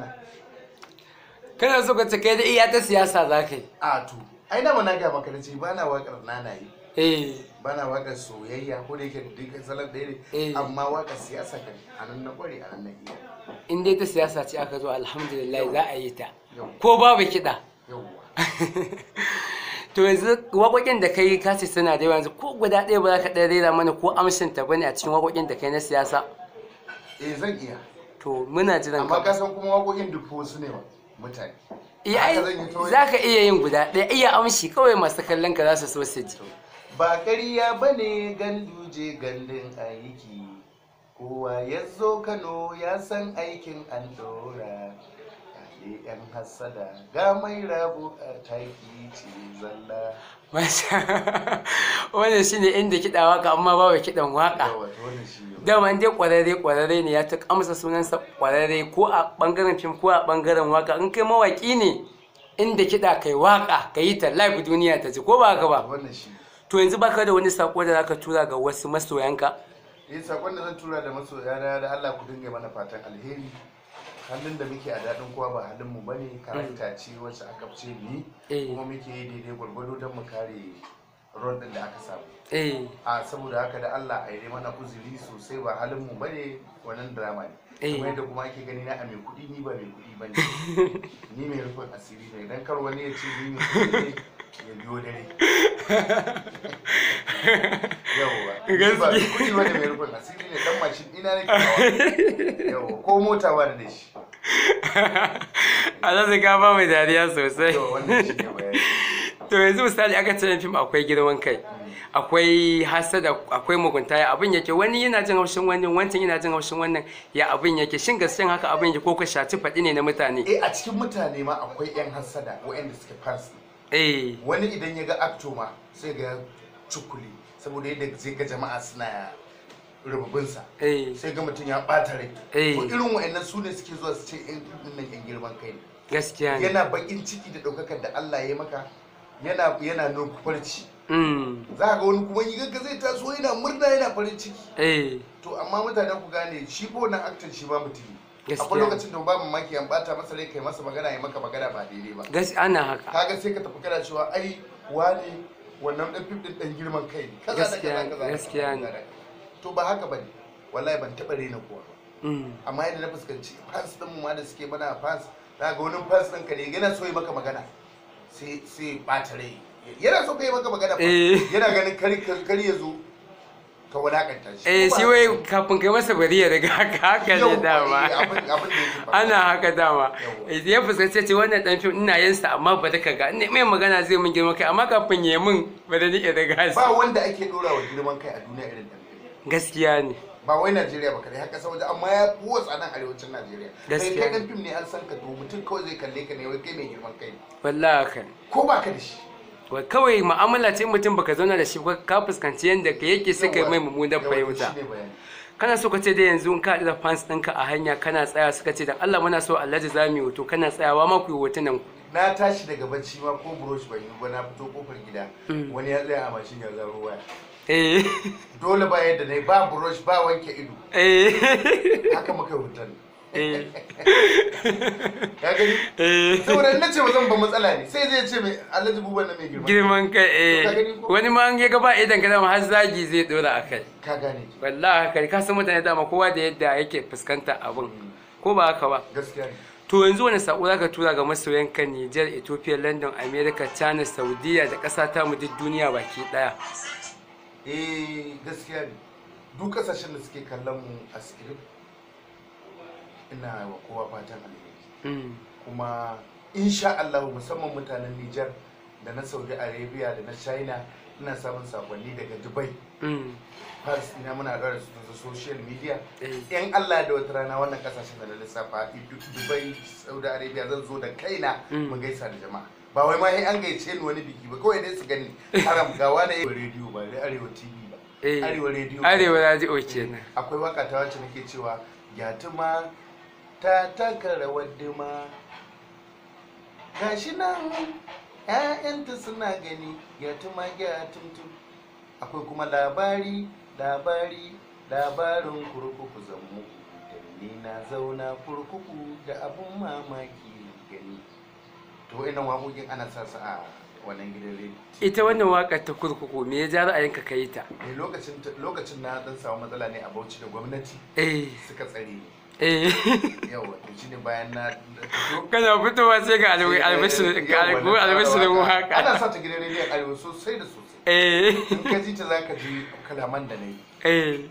kana kana so ka kai da iya ta siyasa za ka yi a to ai da na ga maka ce ba na wakar nanaye eh ba na wakar soyayya ko da yake duk salar da ne eh. amma wakar siyasa kan anan na kware anan na iya in dai ta siyasa ce aka zo alhamdulillah za a yi ta ko babu kiɗa to yanzu waƙoƙin da kai ka ce suna da yanzu ko guda ɗaya ba za ka ɗaya rera mana ko amshin ta bane a cikin waƙoƙin da kai na siyasa eh zan iya to muna jiran amma ka san kuma dufo su ne mutane eh, za ka iya yin guda ɗaya iya amshi kawai masu kallon ka za su so su ji ba karya ba ne ganduje gandun aiki kowa ya zo kano ya san aikin an ke yan hassada ga mai rabu a taki ce zalla wannan shi ne inda kiɗa waka amma ba wa kiɗan waka dama dai ƙwararre ƙwararre ne ya ta amsa sunansa ƙwararre ko a ɓangaren fim ko a ɓangaren waka in kai mawaƙi ne inda kiɗa kai waka ka yi ta laifin duniya ta ji ko ba ka ba to yanzu baka da wani sako da zaka tura ga wasu masoyanka eh sakon da zan tura da masoyana da Allah ku dinga mana fatan alheri halin da muke a daɗin kowa ba halin mu bane karanta mm. ce wacce aka fice ni eh. kuma muke yi daidai gwargwado don mu kare ruwan din da aka samu eh. a saboda haka da Allah a yi mana kuzuri sosai ba halin mu bane wannan drama ne eh. kuma yadda kuma ake gani na a mai kuɗi ni ba mai kuɗi ne ni mai rufin asiri ne idan kar wani ya ce ni mai kuɗi ne ya biyo dare gaskiya kuɗi ba ne mai rufin asiri ne mashin ina ne ko mota ba da shi a zai ka ba mai dariya sosai to yanzu misali aka cire fim akwai girman kai mm. akwai hasada akwai mugunta ya abin yake wani yana jin haushin wani wancan yana jin haushin wannan ya abin yake shin gaskiyan haka abin yake ko ka shaci faɗi ne na mutane eh a cikin mutane ma akwai yan hasada waɗanda suke fans eh wani idan ya ga acto ma sai ga cukuli saboda yadda sai ga jama'a suna rububinsa eh. sai ga mutum ya bata rai eh. to irin wa'annan su ne suke zuwa su ce yan eh, nan yan girman kai ne gaskiya ne yana bakin ciki da daukakar da Allah ya maka yana yana nufarci mm. za ka ga wani kuma yi gaggaza zai taso yana murna yana farin ciki to amma mutane ku gane shi ko nan aktan shi ba mutum akwai lokacin da ba mamaki an bata masa rai kai masa magana ya maka magana ba daidai ba gaskiya ana haka kaga sai ka tafi kana cewa ai wani wannan ɗan fim din dan girman kai ne kaza da kaza kaza gaskiya ne to ba haka bane wallahi ban taba rena kowa ba mm. amma yadda na fuskanci fans ɗin mu ma da suke mana fans za ga wani fans ɗin ka ne yana so yi maka magana sai sai bata rai yana so kai maka magana eh. yana ganin kari kari ya zo ka wadakanta shi eh shi wai kafin kai masa bariya daga haka haka ne dama eh, ana haka dama eh, ya fuskanci ce wannan dan fim ina yin sa amma ba daka ga ina mai magana zai mun girman kai amma kafin ya mun ba da nike daga shi ba wanda ake dora wa girman kai a duniya irin dan gaskiya ne ba wai Najeriya ba kare haka saboda amma ya kuwa tsanan arewacin Najeriya kai kai dan fim ne an san ka to mutum kawai zai kalle ka ne wai kai mai girman kai wallahi kan ko ba ka da shi kawai mu'amala ce mutum baka zauna da shi ka fuskanci yadda ka yake sai ka mai mummunan fahimta kana so ka ce dai yanzu in ka da fans ɗinka a hanya kana tsaya suka ce dan Allah muna so Alhaji za mu yi hoto kana tsayawa ma ku yi hotunan ku na tashi daga bacci ma ko brush ban yi ba na fito kofar gida hmm. wani ya tsaya a mashin ya zaro waya eh. dole ba yadda ne ba brush ba wanke ido eh. haka muka hoton Eh. Eh. saboda na ce zan ba matsala ne sai zai ce mai alhaji buban na mai girman girman kai eh wani ma an ga ba idan ka dama har zagi zai dora a kai ka gane wallahi kai ka san mutane dama kowa da yadda yake fuskantar abin hmm. ko ba haka ba gaskiya to yanzu wani sako zaka tura ga masoyanka Niger, Ethiopia, London, America, China, Saudiya da ƙasa ta mu duk duniya baki daya eh gaskiya ne duk kasashen da suke kallon mu a script ina wa kowa fatan alheri mm. kuma insha Allah musamman mutanen Nijar da na Saudi Arabia da na China ina samun sakonni daga Dubai mm. Paris ina muna ɗora su ta social media yan eh. Allah da wata rana wannan kasashen da na lissafa Dubai Saudi Arabia zan zo da kaina mm. mu gaisa da jama'a ba wai ma an gaice ni wani biki ba kawai dai su gani haram ga wani radio ba da arewa TV ba eh. arewa radio arewa radio kenan eh, akwai waka ta wacce nake cewa ya tuma ta taka rawar dima gashi nan ‘ya'yanta suna gani ya tuma ya tuntun akwai kuma labari labari labarin kurkuku zammu da ni na zauna kurkuku da abun mamaki gani to ina waƙoƙin ana sa su a wannan gidan rediyo ita wannan waƙar ta kurkuku me ya ja ra'ayinka ka eh, kai ta lokacin na dan samu matsala ne a bauchi da gwamnati Eh suka tsare ni eh yawa to bayan na kana sai ga eh, mu haka ana sa ta gidan sosai da sosai eh in ka ji ta zaka ji eh. eh,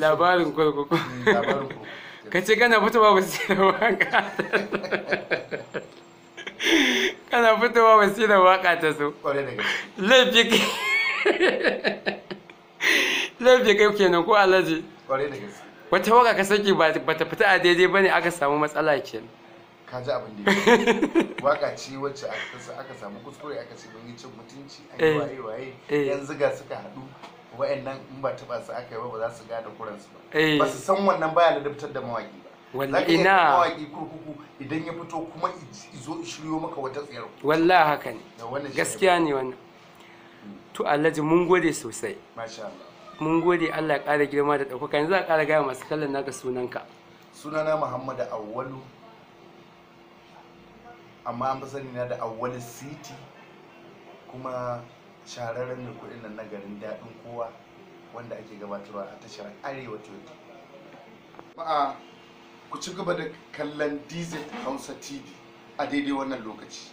labarin kurkuku labarin kurkuku kana fitowa ba sai waka kana fitowa ba sai da waka ta so laifi laifi ko alaji wata waka ka saki ba ta fita a daidai bane aka samu matsala kenan ka ji abin da ya waka ce wacce aka samu kuskure aka ce mun yi cin mutunci a yi eh, waye waye eh. yan ziga suka haɗu wa'annan in ba taɓa su aka yi ba ba za su kuran kuransu ba eh. ba su san wannan baya dabtar da mawaki ba wallahi ina mawaki kurkuku idan ya fito kuma izo shiryo maka wata tsayar wallahi haka ne gaskiya ne wannan mm. to alhaji mun gode sosai masha Allah mun gode Allah ya ƙara girma da ɗaukaka yanzu a ƙara gaya masu kallon naka sunanka sunana Muhammadu Awwalu amma an fi sani na da Awwalu City kuma shararren mai kuɗin nan na garin daɗin kowa wanda ake gabatarwa a tashar Arewa 20 ma'a ku ci gaba da kallon DZ Hausa TV a daidai wannan lokaci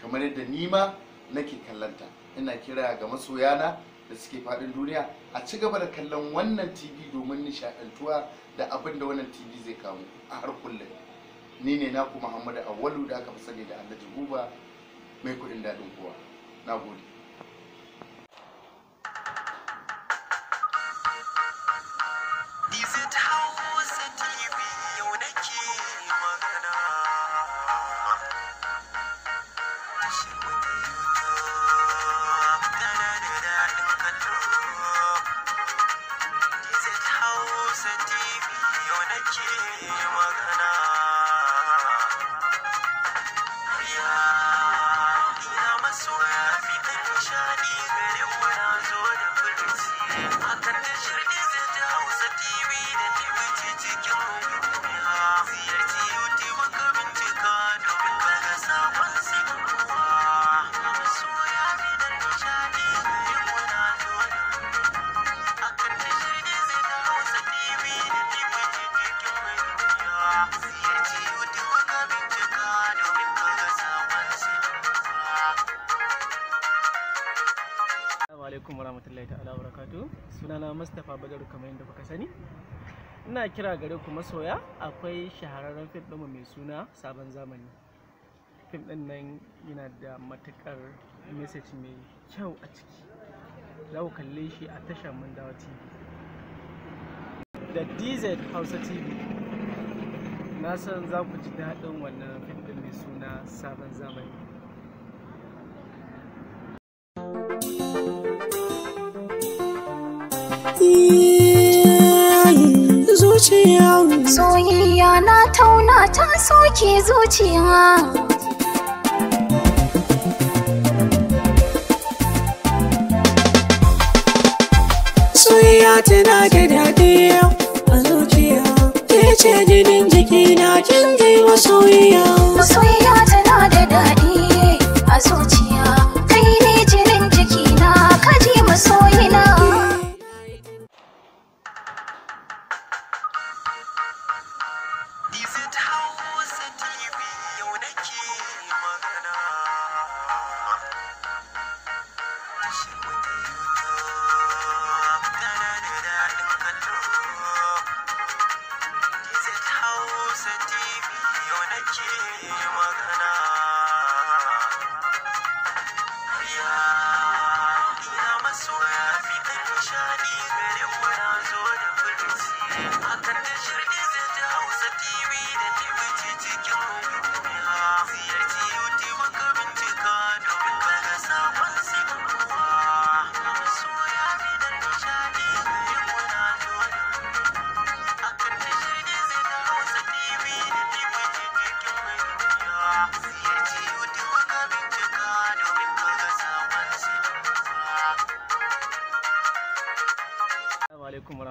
kamar yadda nima nake kallonta, ina kira ga masoyana da suke faɗin duniya a ci gaba da kallon wannan tv domin nishaɗantuwa da abin da wannan tv zai kamu a har kullum ni ne naku muhammadu awalu da aka fi sani da Allah jihuba mai kuɗin daɗin kowa na gode ce magana alaikum warahmatullahi ta'ala barakatu sunana Mustapha Badaru kamar yadda kuka sani ina kira gare ku masoya akwai shahararren fim ɗin mai suna sabon zamani fim ɗin nan yana da matuƙar message mai kyau a ciki za ku kalle shi a tashar Mandawa TV da DZ Hausa TV na san za ku ji daɗin wannan fim ɗin mai suna sabon zamani zuciya soyayya na tauna ta soke zuciya soyayya tana da daɗi a zuciya ke ce jinin na kin gaiwa soyayya. Thank you.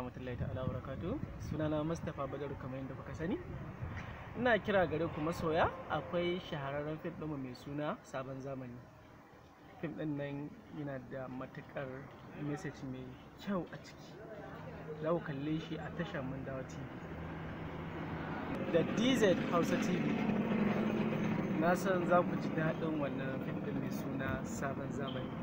rahmatullahi ta'ala wa barakatu sunana Mustapha Badaru kamar yadda kuka sani ina kira gare ku masoya akwai shahararren fim ɗinmu mai suna sabon zamani fim ɗin nan yana da matuƙar message mai kyau a ciki za ku kalle shi a tashar Mandawa TV da DZ Hausa TV na san za ku ji daɗin wannan fim ɗin mai suna sabon zamani